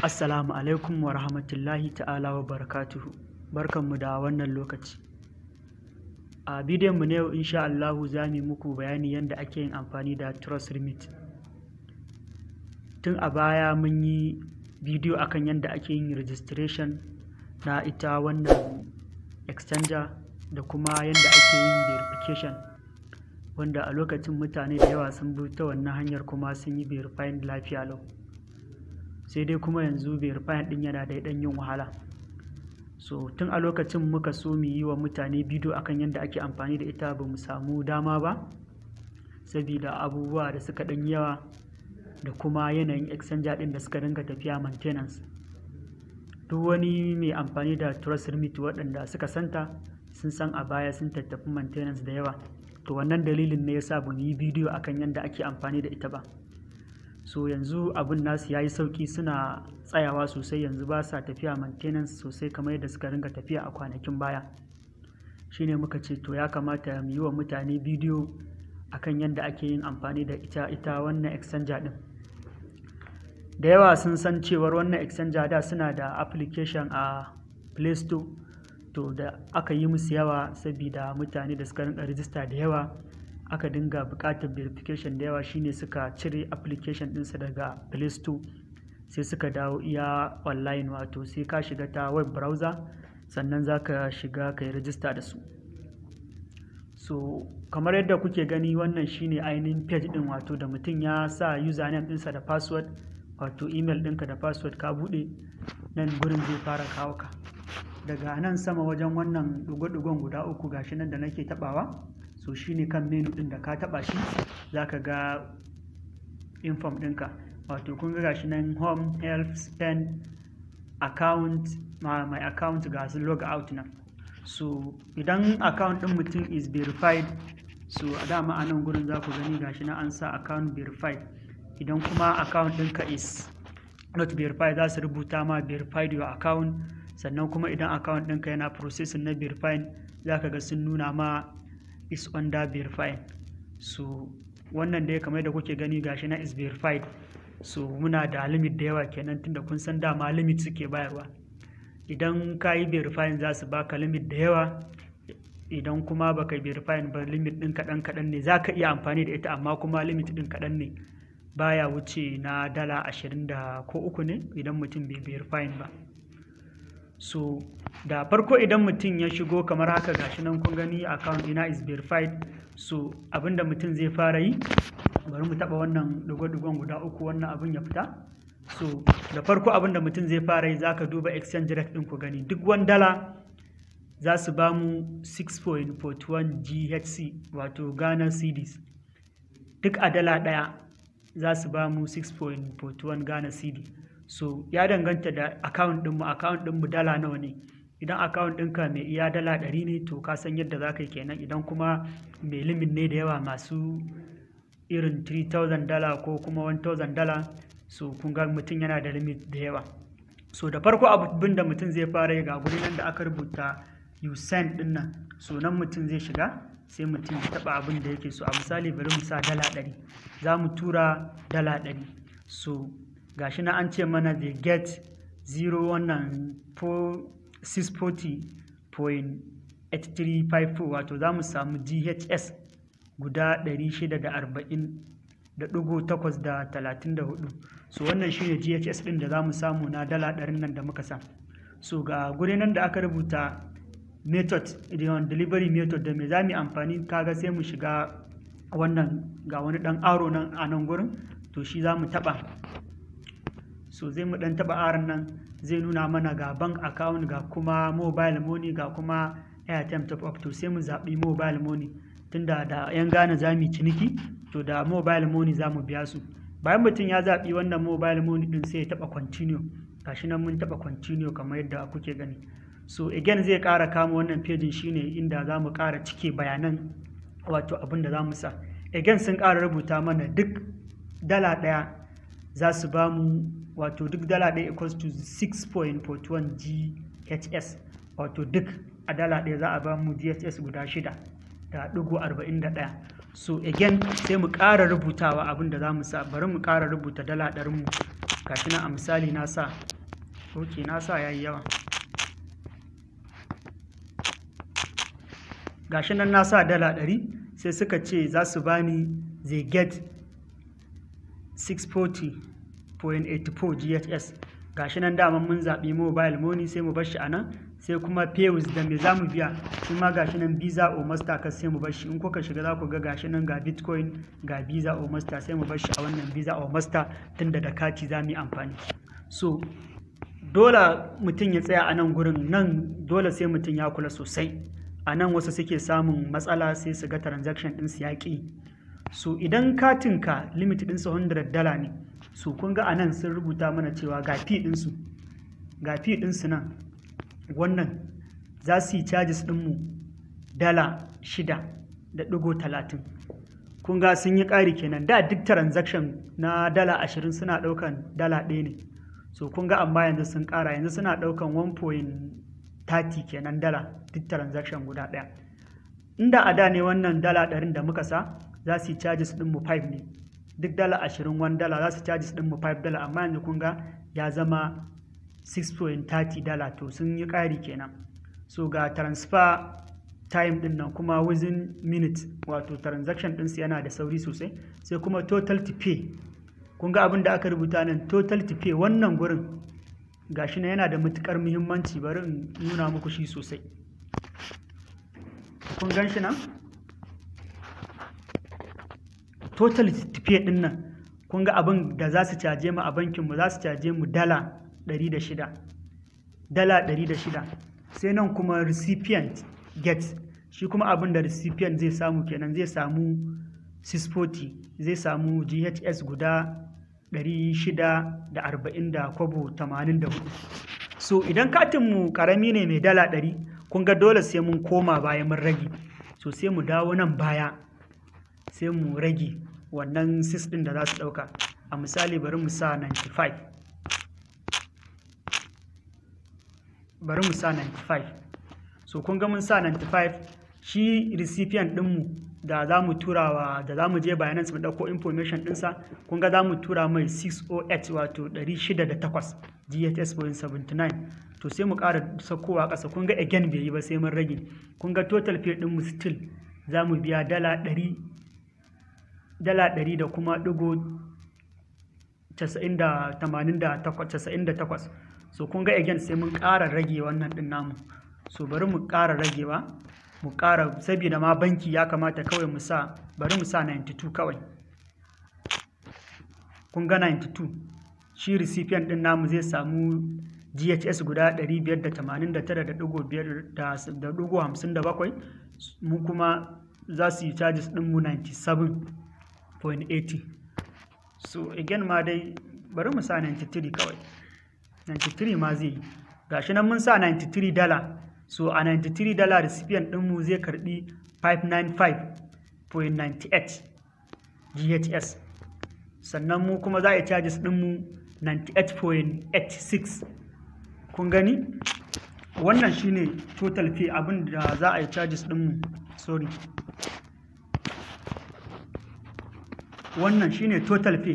Assalamu alaikum wa rahmatullahi ta'ala wa barakatuhu. Barkanmu da wannan lokaci. a bidiyon mu na yau insha Allahu za mu muku bayani yadda ake yin amfani da trust remit tun a baya mun yi bidiyo akan yadda ake yin registration na ita wannan extender da kuma yadda ake yin verification wanda a lokacin mutane da yawa sun bi ta wannan hanyar kuma sun yi verifying lafiya lau sai dai kuma yanzu verifying ɗin yana da ɗan yin wahala so tun a lokacin muka so mu yi wa mutane bidiyo akan yadda ake amfani da ita ba mu samu dama ba saboda abubuwa da suka ɗan yawa da kuma yanayin exchanger ɗin da suka dinga tafiya maintenance duk wani mai amfani da trust remit waɗanda suka santa sun san a baya sun tattafi maintenance da yawa to wannan dalilin ne yasa ba mu yi bidiyo akan yadda ake amfani da ita ba so yanzu abin nasu ya yi sauki suna tsayawa sosai yanzu ba sa tafiya maintenance sosai kamar yadda suka ringa tafiya a kwanakin baya shine muka ce to ya kamata mu yi wa mutane bidiyo akan yadda ake yin amfani da ita ita wannan exchanger din da yawa sun san cewar wannan exchanger da suna da application a play store to da aka yi musu yawa saboda mutane da suka rinka rijista da yawa aka dinga buƙatar verification da yawa shine suka cire application ɗinsa daga play sai suka dawo iya online wato sai ka shiga ta web browser sannan za ka shiga ka yi rajista da su so kamar yadda kuke gani wannan shine ainihin page ɗin wato da mutum ya sa username ɗinsa da password wato email ɗinka da password ka buɗe nan gurin zai fara kawo ka daga nan sama wajen wannan ɗigo dogon guda uku gashi nan da nake taɓawa so ne kan menu ɗin da ka taba shi za ka ga inform ɗinka wato kun ga shi nan home health spend account ma my account ga su log out nan so idan account ɗin mutum is verified so a dama a nan gurin za ku gani shi nan an sa account verified idan kuma account ɗinka is not verified za su rubuta ma verified your account sannan kuma idan account ɗinka yana processing na verified za ka ga sun nuna ma is under verified so wannan dai kamar da kuke gani gashi na is verified so muna da limit da yawa kenan tunda kun san dama limit suke bayarwa idan ka yi verifying za su baka limit da yawa idan kuma baka verifying ba limit ɗin kaɗan kaɗan ne za ka iya amfani da ita amma kuma limit ɗin kaɗan ne baya wuce na dala ashirin da ko uku ne idan mutum bai verifying ba so da farko idan mutum ya shigo kamar haka ga shi nan kun gani account ina is verified so abinda mutum zai fara yi bari mu taba wannan dugo-dugon guda uku wannan abin ya fita so da farko abinda mutum zai fara yi zaka duba exchange rate din ku gani duk wani dala za su ba mu 6.41 GHC wato Ghana cedis duk a dala ɗaya za su ba mu 6.41 Ghana CD so ya danganta da account ɗinmu account ɗinmu dala nawa ne idan account ɗinka mai iya dala ɗari ne to ka san yadda za ka yi kenan idan kuma mai limin ne da yawa masu irin 3000 dala ko kuma 1000 dala so kun ga mutum yana da limit da yawa so da farko abin da mutum zai fara yi ga guri nan da aka rubuta usain din nan so nan mutum zai shiga sai mutum ya taba abin da yake so a misali bari mu sa dala ɗari za mu tura dala ɗari so gashi na an ce mana zai get zero wannan 640.8354 wato za mu samu DHS guda 640.834 so wannan shine DHS din da za mu samu na dala ɗarin nan da muka sa so ga guri nan da aka rubuta method idiyon eh, delivery method da mai za mu amfani kaga sai mu shiga wannan ga wani ɗan aro nan a nan gurin to shi za mu taɓa so zai mu ɗan taɓa aron nan zai nuna mana ga bank account ga kuma mobile money ga kuma airtime top up to sai mu zaɓi mobile money tunda da yan gane za mu yi ciniki to da mobile money za mu biya su bayan mutum ya zaɓi wannan mobile money din sai ya taɓa continue gashi nan mun taɓa continue kamar yadda kuke gani so again zai ƙara kama wannan pejin shine inda za mu ƙara cike bayanan wato abin da za mu sa again sun ƙara rubuta mana duk dala ɗaya za su ba mu wato duk dala ɗaya equals to 6.41 GHS wato duk a dala ɗaya za a ba mu GHS guda shida da ɗigo arba'in da ɗaya so again sai mu ƙara rubutawa abin da za mu sa bari mu ƙara rubuta dala ɗarinmu gashi na a misali na sa ok na sa ya yi yawa gashi nan na sa dala ɗari sai suka ce za su bani they get 640 6.84 GHS gashi nan dama mun zaɓi mobile money sai mu bar shi a sai kuma with da me zamu biya shi ma gashi nan visa o mastercard sai mu bar shi in kuka shiga za ku ga gashi nan ga bitcoin ga visa o master sai mu bar shi a wannan visa o master tunda da kati za mu yi amfani so dole mutum ya tsaya anan nan gurin nan dole sai mutum ya kula sosai a nan wasu suke samun matsala sai su ga transaction din su yaki. so idan katinka limit ɗinsa 100 dala ne Su kun ga anan sun rubuta mana cewa ga fi ɗinsu ga fi ɗinsu nan wannan za su yi charges ɗinmu dala shida da ɗigo talatin kun ga sun yi ƙari kenan da duk transaction na dala ashirin suna ɗaukan dala ɗaya ne so kun ga amma yanzu sun ƙara yanzu suna ɗaukan 1.30 kenan dala duk transaction guda ɗaya inda a da ne wannan dala ɗarin da muka sa za su yi charges ɗinmu 5 ne duk dala ashirin wani dala za su charges din mu 5 dala amma yanzu kun ga ya zama 6.30 dala to sun yi ƙari kenan so ga transfer time din nan kuma within minute wato transaction din su yana da sauri sosai sai kuma total to pay kun ga abin da aka rubuta nan total to pay wannan gurin gashi na yana da matukar muhimmanci bari in nuna muku shi sosai kun gan shi nan total pay din nan kun ga abin da za su caje mu a bankin mu za su caje mu dala 106 dala 106 sai nan kuma recipient get shi kuma abin da recipient zai samu kenan zai samu 640 zai samu GHS guda 640 da kwabo so idan katinmu karami ne mai dala 100 kun ga dole sai mun koma baya mun rage so sai mu dawo nan baya sai mu rage wannan sis ɗin da za su ɗauka a misali bari mu sa 95 bari mu sa 95 so kun ga mun sa 95 shi recipient ɗinmu da za mu tura wa da za mu je bayanan mu ɗauko information ɗinsa kun ga za mu tura mai 608 wato 608 GHS 79 to sai mu ƙara sakowa ƙasa kun ga again bai yi ba sai mun rage kun ga total fee ɗinmu still za mu biya dala ɗari. dala ɗari da kuma ɗigo casa'in da takwas so kun ga again sai mun ƙara rage wannan ɗin namu so bari mu ƙara ragewa mu ƙara saboda ma banki ya kamata kawai mu sa bari mu sa 92 kawai kun ga 92 shi recipient ɗin namu zai samu GHS guda 589.57 mu kuma za su yi charges ɗinmu 97 0.80 so again ma dai bari mu sa 93 kawai 93 ma zai gashi nan mun sa 93 dala so a 93 dala recipient mu zai karbi 595.98 ghs sannan mu kuma za a yi din mu 98.86 kun gani wannan shine total fee abin da za a yi din ɗinmu sorry wannan shine total fee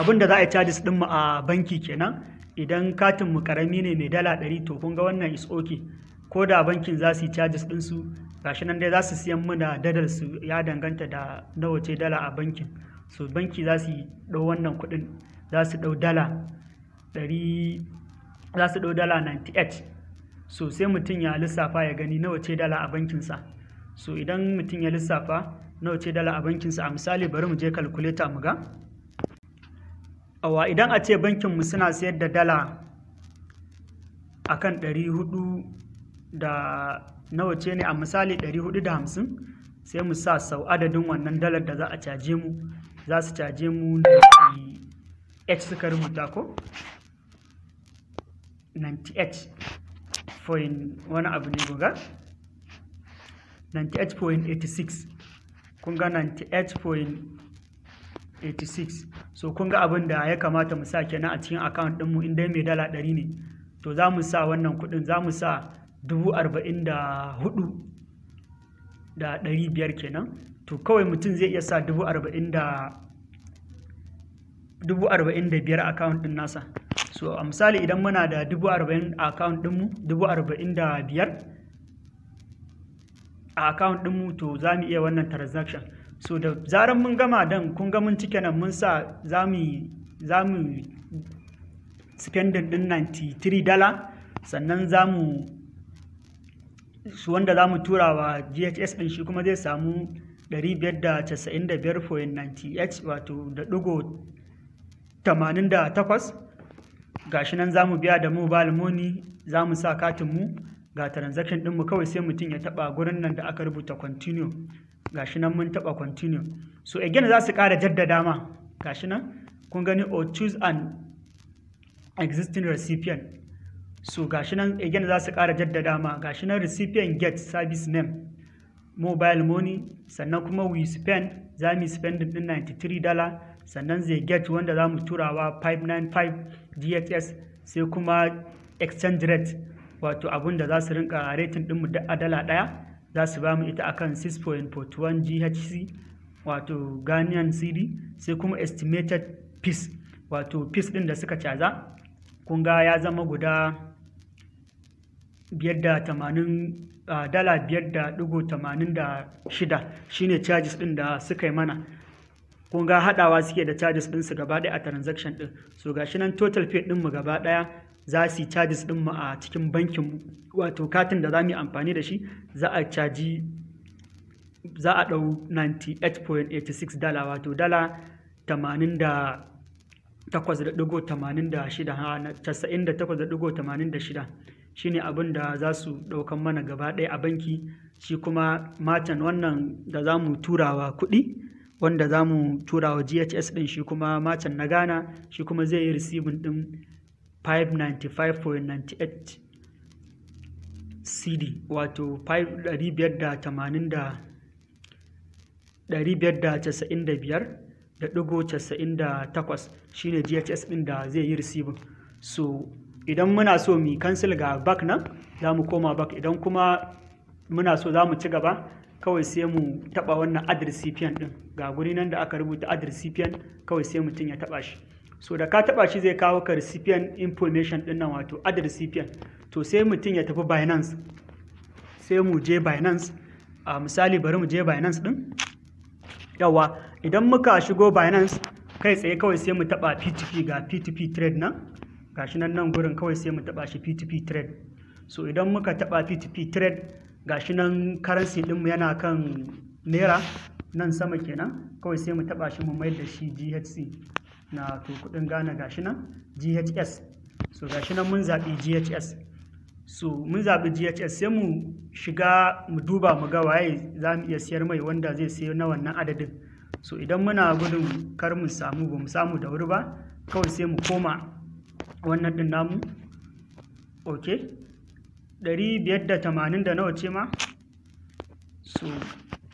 abinda za a yi charges din mu a banki kenan idan katin mu karami ne mai dala 100 to kun ga wannan is okay ko da bankin za su yi charges din su gashi nan dai za su siyan mu da dadal su ya danganta da nawa ce dala a bankin so banki za su dau wannan kuɗin za su dau dala 100 za su dau dala 98 so sai mutum ya lissafa ya gani nawa ce dala a bankinsa so idan mutum ya lissafa nawa ce dala a bankinsa a misali bari mu je kalkuleta mu ga awa idan a ce mu suna sayar da dala akan 400 da nawa ce ne a misali 450 sai mu sa sau adadin wannan dalar da za a caje mu za su caje mu h suka rubuta ko point wani abu ne goga 98.86 kun ga 98.86 so kun ga abin da ya kamata mu sa kenan a cikin account din in dai mai dala 100 ne to za mu sa wannan kuɗin za mu sa da 500 kenan to kawai mutum zai iya sa da biyar account din nasa so a misali idan muna da 40,000 account da biyar. a account ɗinmu to za mu iya wannan transaction so da zarar mun gama dan kun ga mun cike nan mun sa za mu za mu spending ɗin 93 dala sannan za mu su wanda za mu tura wa ghs ɗin shi kuma zai samu 595.98 wato da ɗigo 88 gashi nan za mu biya da mobile money za mu sa mu. ga transaction ɗinmu kawai sai mutum ya taɓa gurin nan da aka rubuta continue gashi nan mun taɓa continue so again za su ƙara jaddada ma gashi nan kun gani or choose an existing recipient so gashi nan again za su ƙara jaddada ma gashi nan recipient get service name mobile money sannan kuma we spend za mu spend din 93 dollar sannan zai get wanda za mu turawa 595 dfs sai kuma exchange rate wato abun da za su rinka rating ɗinmu da dala ɗaya za su ba mu ita akan 6.41 GHC wato Ghanaian CD sai kuma estimated piece wato piece ɗin da suka caza kun ga ya zama guda biyar shine charges ɗin da suka yi mana kun ga haɗawa suke da charges ɗinsu gaba ɗaya a transaction ɗin so gashi nan total pay ɗinmu gaba ɗaya za su yi charges din mu a cikin bankin wato katin da za mu yi amfani da shi za a caji za a ɗau 98.86 dala wato dala 88.86 shine abin da za su ɗaukan mana gaba ɗaya a banki shi kuma matan wannan da za mu turawa kuɗi wanda za mu turawa ghs din, shi kuma matan na ghana shi kuma zai yi resibin din. 595.98 cd wato 595.98 shine ghs ɗin da zai yi receiving so idan muna so mu cancel ga back nan za mu koma back idan kuma muna so za mu ci gaba kawai sai mu taɓa wannan address ɗin ga guri nan da aka rubuta address kawai sai mutum ya taɓa shi so da ka taba shi zai kawo ka recipient information din nan wato ad recipient to sai mutum ya tafi binance sai mu je binance a misali bari mu je binance din yawa idan muka shigo binance kai tsaye kawai sai mu taba p2p ga p2p trade nan gashi nan nan gurin kawai sai mu taba shi p2p trade so idan muka taba p2p trade gashi nan currency din mu yana kan naira nan sama kenan kawai sai mu taba shi mu mayar da shi ghc na to kudin gane gashi nan GHS so gashi nan mun zaɓi GHS so mun zaɓi GHS sai mu shiga mu duba mu ga waye za mu iya siyar mai wanda zai sayo na wannan adadin so idan muna gudun kar mu samu ba mu samu da wuri ba kawai sai mu koma wannan din namu ok 580 da nawa ce ma so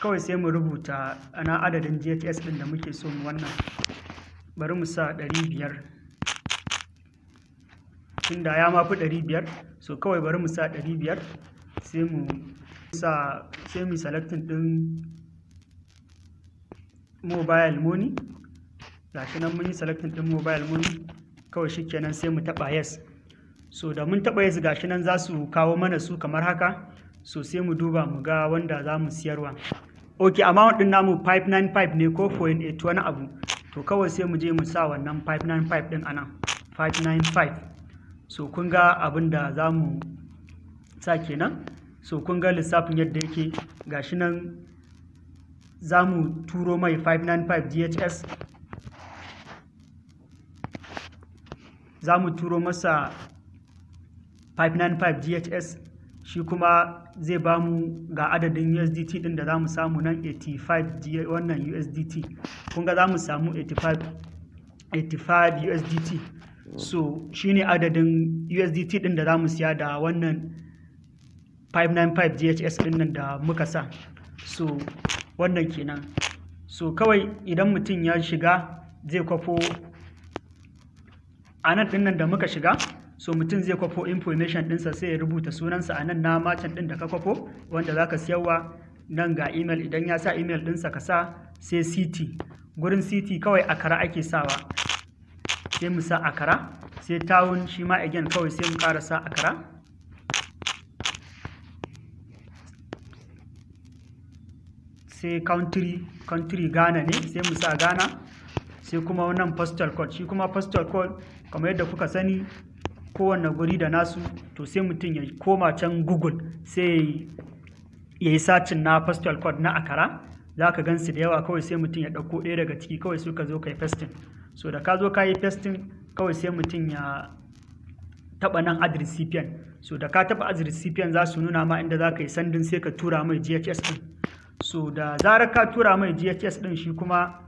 kawai sai mu rubuta na adadin GHS din da muke so mu wannan bari mu sa ɗari biyar da ya mafi ɗari biyar so kawai bari mu sa ɗari biyar sai mu selectin ɗin mobile money shi nan mun yi selectin ɗin mobile money kawai shi kenan sai mu taɓa yes so da mun taɓa yes shi nan za su kawo mana su kamar haka so sai mu duba mu ga wanda za mu siyarwa ok amount din namu 595 ne ko 4.8 wani abu to kawai sai mu je mu sa wannan 595 din anan 595 so kun ga abin da za mu sa kenan so kun ga lissafin yadda yake gashi nan za mu turo mai 595 dhs za mu turo masa 595 dhs shi kuma zai ba mu ga adadin usdt din da za mu samu nan 85 wannan usdt kun ga za mu samu 85 USDT so shine adadin USDT din da za mu siya da wannan 595 GHS din nan da muka sa so wannan kenan so kawai idan mutum ya shiga zai kwafo a nan nan da muka shiga so mutum zai kwafo information ɗinsa sai ya rubuta sunansa a nan na macin ɗin da ka kwafo wanda za ka siyarwa nan ga email idan ya sa email ɗinsa ka sa sai city gurin city kawai akara ake sawa sai mu sa akara sai town shi ma again kawai sai mu ƙara sa akara sai country country ghana ne sai mu sa ghana sai kuma wannan postal code shi kuma postal code kamar yadda kuka sani kowane guri da nasu to sai mutum ya koma can google sai ya yi sacin na postal code na akara za ka gan su da yawa kawai sai mutum ya ɗauko ɗaya daga ciki kawai suka zo ka yi festin so da ka zo ka yi festin kawai sai mutum ya taɓa nan adresipiyan so da ka taɓa adresipiyan za su nuna ma inda za ka yi sandin sai ka tura mai ghs ɗin so da zarar ka tura mai ghs ɗin shi kuma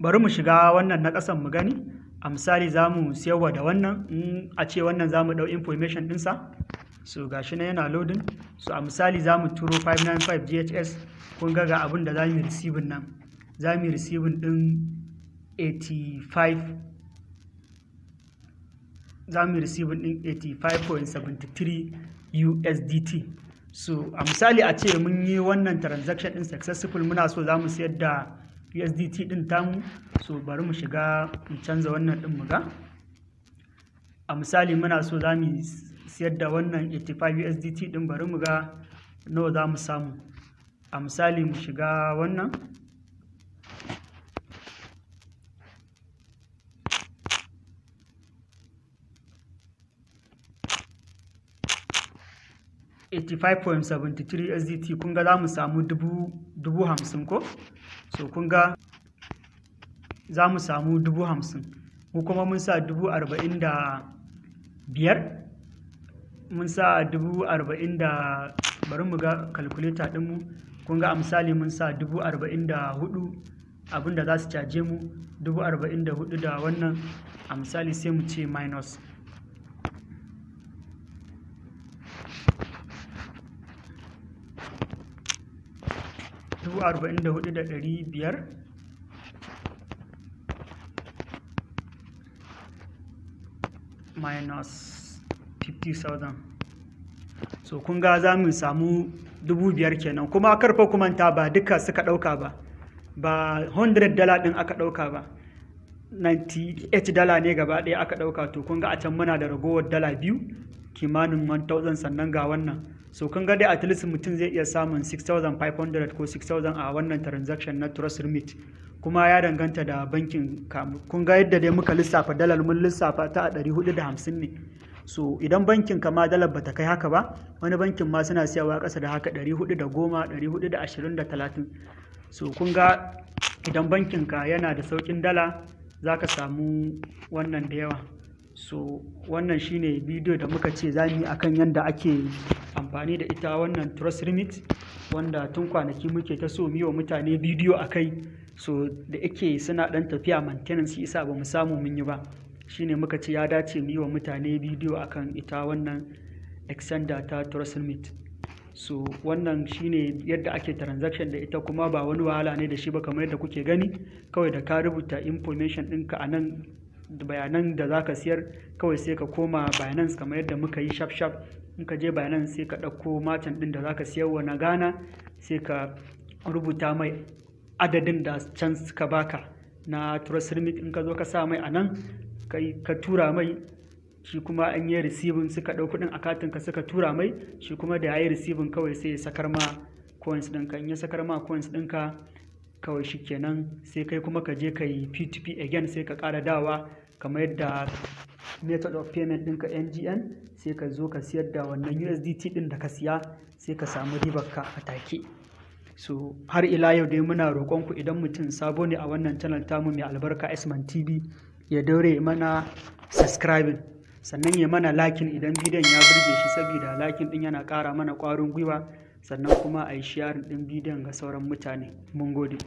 bari mu shiga wannan na ƙasan mu gani a misali za mu siyarwa da wannan a ce wannan za mu ɗau information ɗinsa so ga shi na yana loading so a misali za mu turo 595 ghs kun ga ga abin da za mu receiving nan za mu receiving din 85 za mu receiving din 85.73 usdt so a misali a ce mun yi wannan transaction din successful muna so za mu sayar da usdt din tamu so bari mu shiga mu canza wannan din mu ga a misali muna so za mu siyar da wannan 85 sdt din bari mu ga nawa za mu samu a misali mu shiga wannan $85.73 SDT kun ga za mu samu dubu hamsin ko? So kun ga za mu samu dubu hamsin, kuma mun sa dubu arba'in da biyar mun sa dubu arba'in da bari mu ga kalkuleta ɗinmu kun ga a misali mun sa dubu arba'in da hudu abin da za su caje mu dubu arba'in da hudu da wannan a misali sai mu ce minus dubu arba'in da hudu da ɗari biyar minus so kun ga za mu samu 5,000 kenan kuma karfa kumanta ba duka suka ɗauka ba ba 100 dala ɗin aka ɗauka ba 98 dala ne gaba ɗaya aka ɗauka to kun ga a can muna da ragowar dala biyu kimanin 1,000 sannan ga wannan so kun ga dai at mutum zai iya samun 6,500 ko 6,000 a wannan transaction na trust remit kuma ya danganta da bankin kamu kun ga yadda dai muka lissafa dalar mun lissafa ta a 450 ne so idan bankin kama dalar bata kai haka ba wani bankin ma suna siyawa ƙasa da haka 410 420 so kun ga idan bankin ka yana da sauƙin dala za ka samu wannan da yawa so wannan shine bidiyo da muka ce za mu yi akan yadda ake amfani da ita wannan trust limit wanda tun kwanaki muke ta so wa mutane bidiyo a kai so da ake suna ɗan tafiya maintenance isa ba mu samu mun yi ba shine muka ce ya dace mu yi wa mutane bidiyo akan ita wannan extender ta meet so wannan shine yadda ake transaction da ita kuma ba wani wahala ne da shi ba kamar yadda kuke gani kawai da ka rubuta information ɗinka a nan bayanan da za ka siyar kawai sai ka koma Binance kamar yadda muka yi shaf shaf in ka je Binance sai ka ɗauko matan ɗin da za ka siyar wa na Ghana sai ka rubuta mai adadin da can suka baka na Trust in ka zo ka sa mai a nan kai ka tura mai shi kuma an yi resibin suka ɗau kuɗin a katin ka suka tura mai shi kuma da ya yi resibin kawai sai ya sakar ma coins ɗinka in ya sakar ma coins ɗinka kawai shi kenan sai kai kuma ka je ka yi p2p again sai ka ƙara dawa kamar yadda method of payment ɗinka ngn sai ka zo ka siyar da wannan usdt ɗin da ka siya sai ka samu ka a take so har ila yau dai muna roƙonku idan mutum sabo ne a wannan channel tamu mai albarka isman tv ya daure mana subscribing sannan ya mana lakin idan bidiyon ya burge shi saboda lakin din yana ƙara mana ƙwarin gwiwa sannan kuma a yi sharing din bidiyon ga sauran mutane mun gode